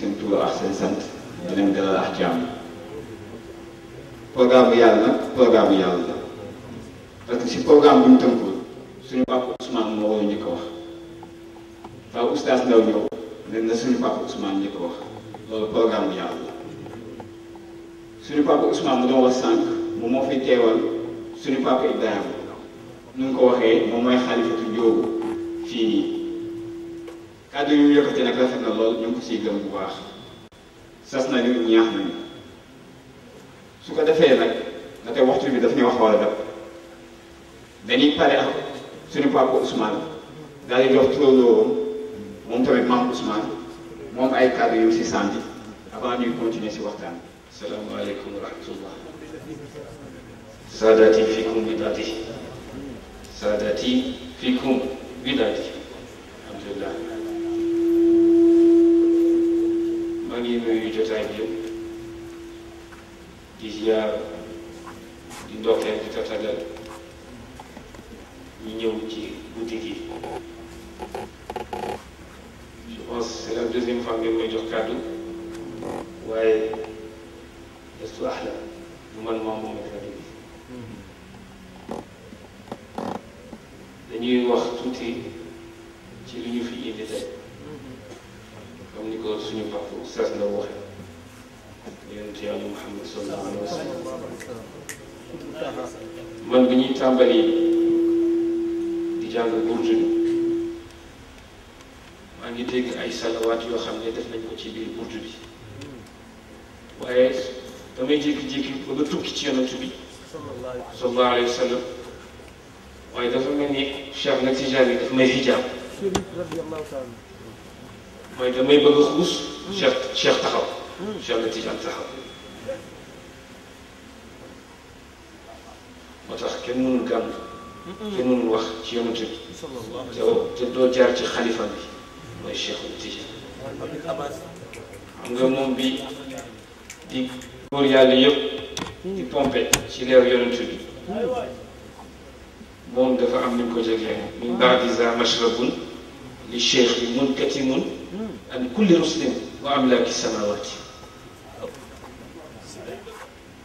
seen tur ak seen sant di leen dalal ak jàmm programme yàlla nag programme yàlla la parce que si programme bi mu tënkoon suñu papa Ousmane moo war a njëkk a wax fa oustaz Ndaw ñëw leen na suñu papa Ousmane njëkk wax loolu programme yàlla la suñu papa Ousmane mu doon wax sànq moom moo fi teewal suñu papa Ibrahima nu ko waxee moom mooy xalifatu njóobu fii nii kàddu yu yëkkati nag rafet na lool ñu ngi ko siy gëm bu baax sas nañu ñaax nañu su ko defee nag nga tey waxtu bi daf ñu wax wala dab dañuy pare ak suñu papa Ousmane daal di jox turandoo moom tamit maam Ousmane moom ay kàddu yu si sànni avant ñuy continuer si waxtaan bi. salaamaaleykum wa rahmatullah. saadaati fiikum bidaati saadaati fiikum bidaati alhamdulillah yëpp di ziar di ndokkeel di tatagal ñu ñëw ci guddi gi je pense c'est la deuxième fois ngeen may jox kàddu waaye destu ahla bu man moom moom kàddu gi dañuy wax tuuti ci li ñu fi indi tey comme ni ko suñu papa oustaz la waxee yonent Muhammad sallallahu alayhi wa sallam man bi ñuy tàmbali di jàng burdu maa ngi dégg ay salawaat yoo xam ne def nañ ko ci biir burdu bi waaye damay jékki-jékki bëgg a tukki ci yonent bi sallallahu alayhi wa sallam waaye dafa mel ni Cheikh nag si jàng daf may hijab mooy damay bëgg a xuus Cheikh Cheikh taxaw شو النتيجة نتاعها؟ مطرح كان نون كان كان نون الوخ شو يوم تجي؟ تو تو جارت خليفة بي الشيخ النتيجة؟ عندهم بي دي كوريا ليوب دي بومبي شيلير يوم تجي موم دفع من كوجاك من بعد إذا مشربون للشيخ من كتيمون كل مسلم وأملاك السماوات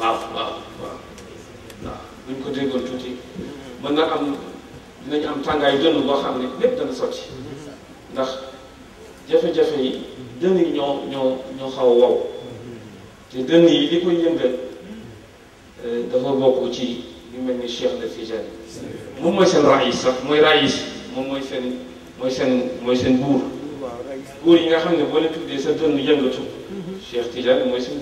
waaw waaw waaw waaw bu ko déggoon tuuti mën na am dinañ am tàngaayu dënn boo xam ne lépp dana sotti ndax jafe yi dënn yi ñoo ñoo ñoo xaw wow te dënn yi li koy yëngal euh, dafa bokk ci ñu mel ni Cheikh la Tijaan moom mooy seen raïs mooy raïs moom mooy seen mooy seen mooy seen buur buur yi nga xam ne boo leen tuddee sa dënn yëngatu Cheikh Tijaan mooy seen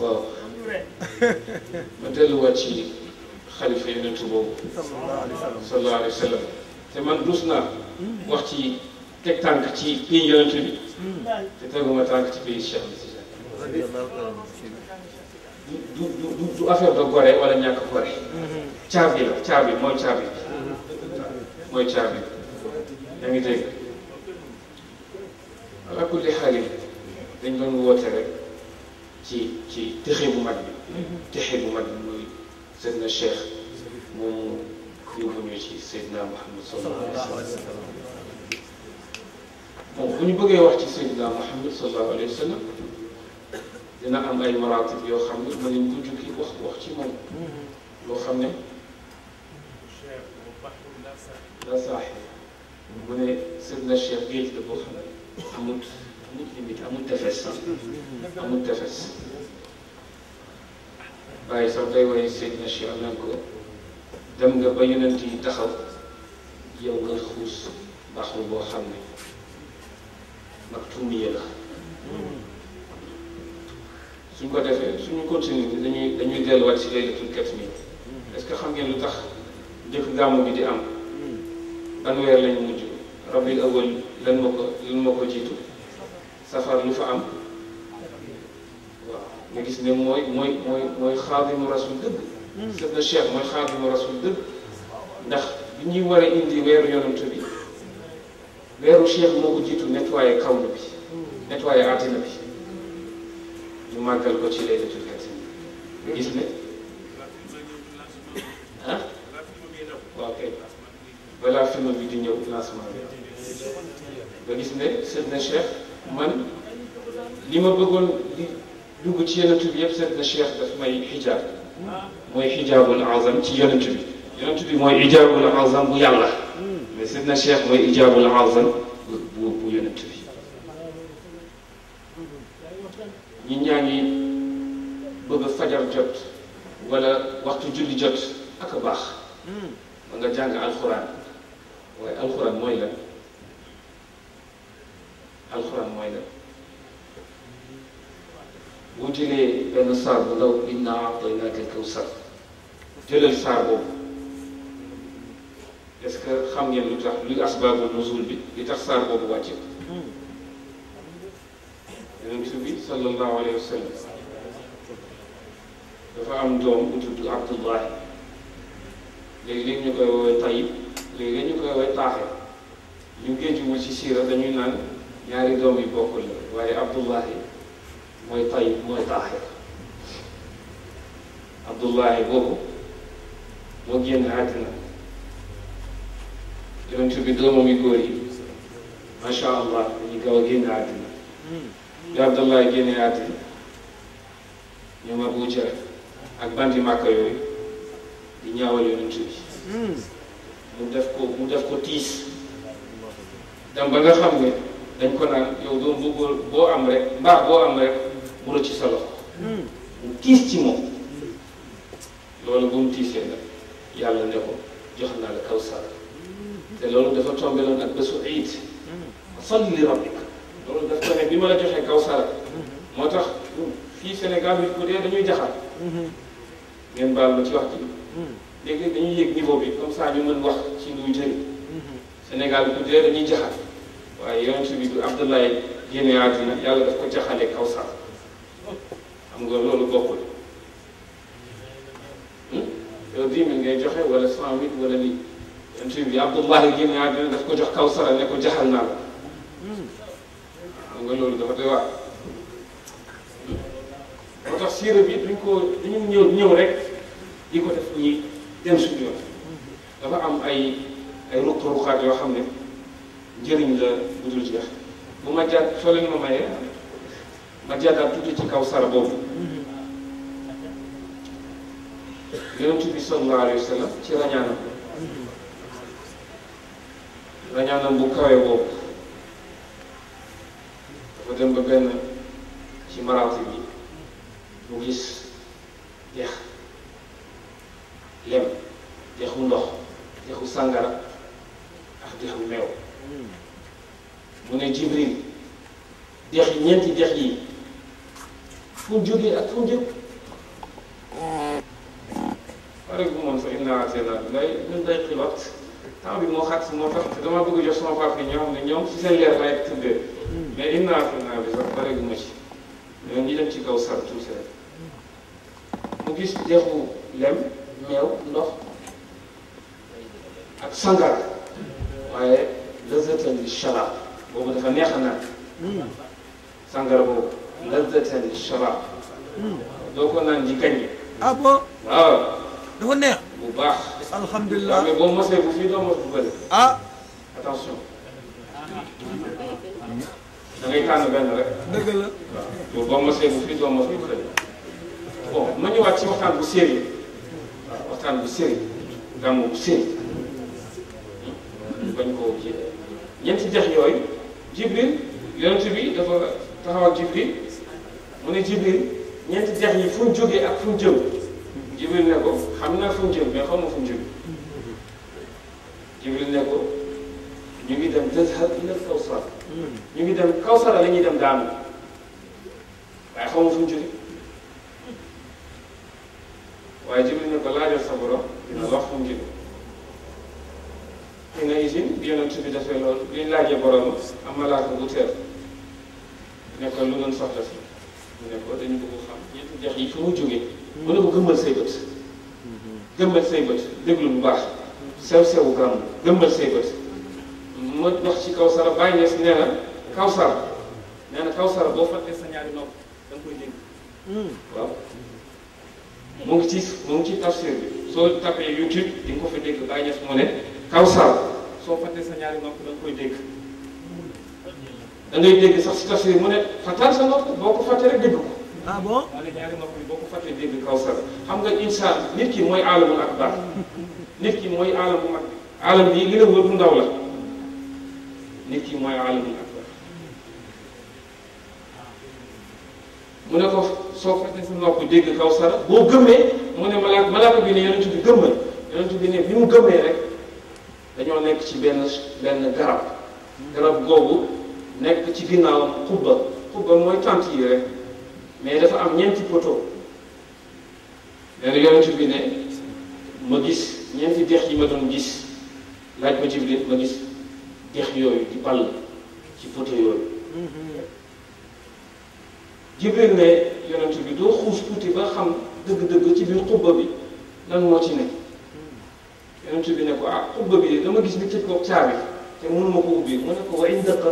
waaw ma delluwaat ci xalifa yonent boobu sallallahu alayhi wa sallam te man dus naa wax ci teg tànk ci pays yonent bi te teguma tànk ci pays Cheikh bi du du du affaire de gore wala ñàkk gore caabi la caabi mooy caabi mooy caabi yaa ngi dégg ala kulli xaalis dañ doon woote rek ci ci texe bu mag bi texe bu mag bi muy sëñ na cheikh moom yóbbu ñu ci Seydina Mouhamed sallallahu alayhi wa sallam bon bu ñu bëggee wax ci Seydina Mouhamed sallallahu alayhi wa sallam dina am ay maratib yoo xam ne mënuñ ko jukki wax wax ci moom loo xam ne la saaxi mu ne Seydina Cheikh géej la boo xam ne amut muslimit amul tefes amul tefes bàyyi sax day woy sëñ na Cheikh naan ko dem nga ba yonent yi taxaw yow nga xuus baxru boo xam ne maktumiya la suñ ko defee suñu continuer bi dañuy dañuy delluwaat si laylatul katmiya est-ce que xam ngeen lu tax jëf gàmmu bi di am ban weer lañ mujj rabiul awwal lan moo ko lan moo ko jiitu safara lu fa am waaw nga gis ne mooy mooy mooy mooy xaadimu rasul dëgg sëb na cheikh mooy xaadimu rasul dëgg ndax bi ñuy war a indi weeru yonent bi weeru cheikh moo ko jiitu nettoyé kawlu bi nettoyé àddina bi ñu màggal ko ci laylatul qadr nga gis ne ah waaw kay balaa film bi di ñëw lancement bi nga gis ne sëb na cheikh من لما بقول لو تي انا تبي يفسد الشيخ ده في مي حجاب مي حجاب العظم تي انا تبي انا تبي مي حجاب العظم بو يالله مي سيدنا الشيخ مي حجاب العظم بو بو انا تبي ني نياغي بوغ فجر جوت ولا وقت جولي جوت اكا باخ ما نجا جان القران واي القران موي لا alxuraan mooy la boo jëlee benn saar bu ndaw inna a'taynaaka al-kawsar jëlal saar boobu est-ce que xam ngeen lu tax luy asbaabu nuzul bi li tax saar boobu wàcce yonent bi sallallahu alayhi wa sallam dafa am doom bu tudd Abdullahi léegi-léegi ñu koy woowee Tayyib léegi-léegi ñu koy woowee Taaxe ñu géejuwul ci siira dañuy naan ñaari doom yi bokkul la waaye Abdullahi mooy tay mooy taaxir Abdullahi boobu moo génn àddina yonent bi doomam yi góor yi macha allah dañuy gaaw a génn àddina bi Abdullahi génnee àddina ñoom Abu Jahl ak bandi Màkka yooyu di ñaawal yonent bi hmm. mu def ko mu def ko tiis dem ba nga xam dañ ko naan yow doom bëggoon boo am rek mbaa boo am rek mu rëcc sa loxo hmm. mu tiis ci moom loolu bu mu tiisee nag yàlla ne ko jox naa la kawsar hmm. te loolu dafa tombé loon ak bésu iid hmm. salli li rabbika loolu daf ko ne bi ma la joxee kawsar moo tax fii Sénégal nit ku dee dañuy jaxal ngeen baal ma ci wax ji léegi dañuy yëg niveau bi saa ça ñu mën wax ci luy jëriñ Sénégal ku dee dañuy jaxal waaye yonent bi bi Abdoulaye génne àddina yàlla daf ko jaxale Kawsar xam nga loolu bokkul yow dix mille ngay joxe wala cent mille wala lii yonent bi Abdoulaye génne àddina daf ko jox Kawsar ne ko jaxal naa la xam nga loolu dafa doy waar moo tax siira bi duñ ko duñu ñëw ñëw rek di ko def ñuy dem suñu yoon dafa am ay ay ruq-ruqaat yoo xam ne njëriñ la bu dul jeex bu ma jàdd soo leen ma mayee ma jàddaal tuuti ci kaw sara boobu yonent bi sallallahu alayhi wa sallam ci rañaanam rañaanam bu kawe boobu dafa dem ba benn ci maraati parce que dama bëgg jox sama papa yi ñoo xam ne ñoom ci seen leer laay tëddee mais im naa naa bi sax ci ñoom ñu dem ci kaw sar tout seul mu lem meew ndox ak sangar waaye lazatan li sharab boobu dafa neex sangar boobu lazatan li sharab doo ko naan baax alhamdulilah mais boo mosee bu fii attention da ngay tànn benn rek. dëgg la waaw doo mos a yëngu fii doo mos a yëngu bon ma ñëwaat ci waxtaan bu sérieux waaw waxtaan bu sérieux gàmmu bu sérieux bañ koo ji ñeenti dex yooyu jibril yonent bi dafa taxaw ak jibril mu ne jibril ñeenti dex yi fu mu jógee ak fu mu jëm jibril ne ko xam naa fu mu jëm mais xaw ma fu mu jëm jibril ne ko ñu ngi dem tazhar ilal kawsar ñu ngi dem kawsara la ñuy dem daanu waaye xaw ma fu ñu jóge waaye Jibril ne ko sa borom dina la wax fu mu jóge dina isin bi yonent bi defee loolu liñ laajee borom am malaaka bu teer ne ko lu ngeen soxla si mu ne ko dañu bëgg xam ñetti dex yi fu mu jógee mu ne ko gëmmal say bët gëmmal say bët déglu bu baax sew sewu gàmm gëmmal say bët ma wax ci Kawsara Baye Niass nee na Kawsara nee na Kawsara boo fàttee sa ñaari nopp da nga koy dégg. Hmm. waaw mu ngi ci mu ngi ci tafsir bi soo tapee YouTube di nga ko fa dégg Baye Niass moo ne Kawsara soo fàttee sa ñaari nopp da nga koy dégg. da ngay dégg sax si tafsir mu ne fàttal sa nopp boo ko fàttee rek dégg ko. ah bon ma ne ñaari nopp bi boo ko fàttee dégg Kawsara xam nga insaan nit ki mooy aalamul akbar nit ki mooy aalam bu mag aalam bi li la wër bu ndaw la. nit yi mooy alamul akbar ne ko soo fekkee sa nopp dégg kaw sara boo gëmmee mu ne malaaka malaaka bi ne yonent bi gëmmal yonent bi ne bi mu gëmmee rek dañoo nekk ci benn benn garab garab googu nekk ci ginnaawam xubba xubba mooy tànt yi rek mais dafa am ñeenti poto nee na bi ne ma gis ñeenti dex yi ma doon gis laaj ma Jibril ma gis dex yooyu di ball ci photo yooyu Jibril ne yonent bi doo xuus tuuti ba xam dëgg-dëgg ci biir xubba bi lan moo ci nekk yonent bi ne ko ah xubba bi dama gis ni tëj ko caabi te mënuma ko ubbi mu ne ko wa indaka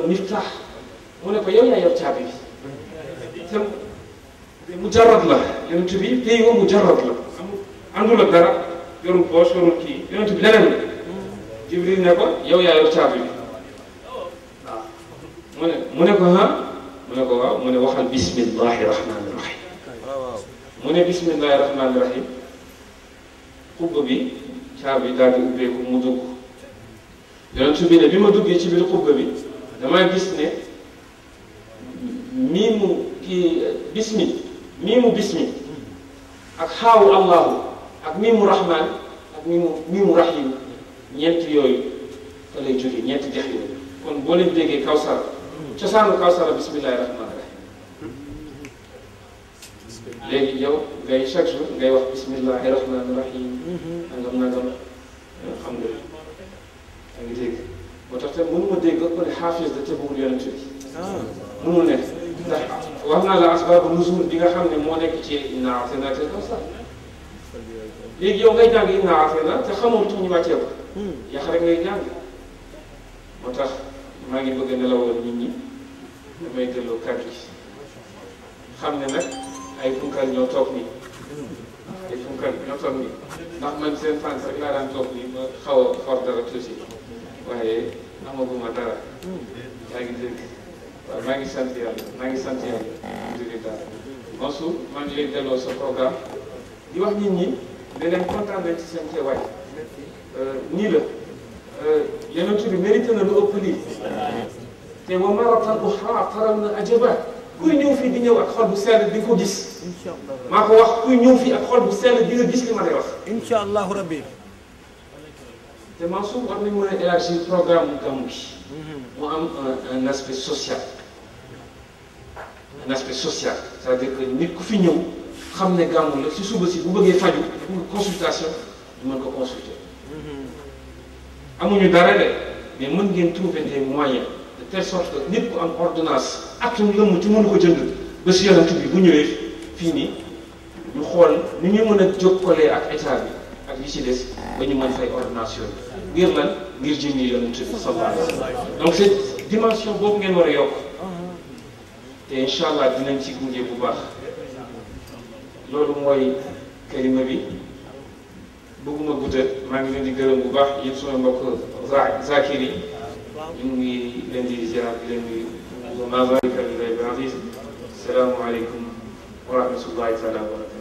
mu ne ko yow yaa yor caabi bi te mujarrad la yonent bi pay wa mujarrad la àndul dara yorul poche yorul kii yonent bi leneen Jibril ne ko yow yaa yor caabi mu ne mu ne ko ah mu ne ko waaw mu ne waxal bismillahi rahmaani rahim mu ne bismillahi rahmaani rahim xubba bi caabi daal di ubbeeku mu dugg yonent bi ne bi ma duggee ci biir xubba bi damaa gis ne mii mu kii bismi mii mu bismi ak xaawu allahu ak mii mu rahmaan ak mii mu mii mu rahim ñeent yooyu da lay jóge ñeent dex yooyu kon boo leen déggee kawsar cosaanu Kawsara bisimilahi rahmaani rahim léegi yow ngay chaque jour ngay wax bisimilahi rahmaani rahim nangam nangam xam nga da nga dégg moo tax te mënu ma dégg ko ne xaafis da te bëggul yonent bi mënul nekk ndax wax naa la asbaabu nuzul bi nga xam ne moo nekk ci innaa a'taynaaka al-kawsar léegi yow ngay jàng innaa a'taynaaka te xamoon tuuti ñu wàccee ko yàq rek ngay tax. maa ngi bëgg a nelawal nit ñi damay delloo kàddu gi xam ne nag ay funkal ñoo toog nii ay funkal ñoo toog nii ndax man seen fan rek laa daan toog nii ma xaw a xor dara tuuti waaye amaguma dara yaa ngi dégg waaw maa ngi sant yàlla maa ngi sant yàlla alhamdulillah Mansour maa ngi leen delloo sa programme di wax nit ñi ne leen kontaan nañ ci seen teewaay euh, nii la يمكن مريت انا لوكلي تي وما رات البحر عقر من اجبا كوي نيو في دنيا واخول بسال دي كو ديس ان شاء الله ما كو واخ كوي نيو في اخول بسال دي لو ديس لي ماري واخ ان شاء الله ربي تي ما سو ورني مو الاكسي بروغرام كاموش مو ام آه، ان اسبي سوسيال ان اسبي سوسيال سا دي كو نيت كو في نيو خامني غامو لا سي سوبسي بو بغي فاجو كونسلتاسيون مان كو كونسلتي amuñu dara de mais mën ngeen trouver des moyens de telle sorte que nit ku am ordonnance atum lëmm ci mënu ko jënd ba si yonent bi bu ñëwee fii nii ñu xool ni ñu mën a jokkalee ak état bi ak li ci des ba ñu mën fay ordonnation yooyu ngir lan ngir jëndi yonent bi sallallahu alayhi donc cette dimension boobu ngeen war a yokk te incha allah dinañ ci gunge bu baax loolu mooy kalima bi bëgguma guddal maa ngi leen di gërëm bu baax yéen suma mbokk zakir yi ñu ngi leen di ziar di leen nuyu wa ma zalika lillahi bi aziz salaamaaleykum wa rahmatullahi taala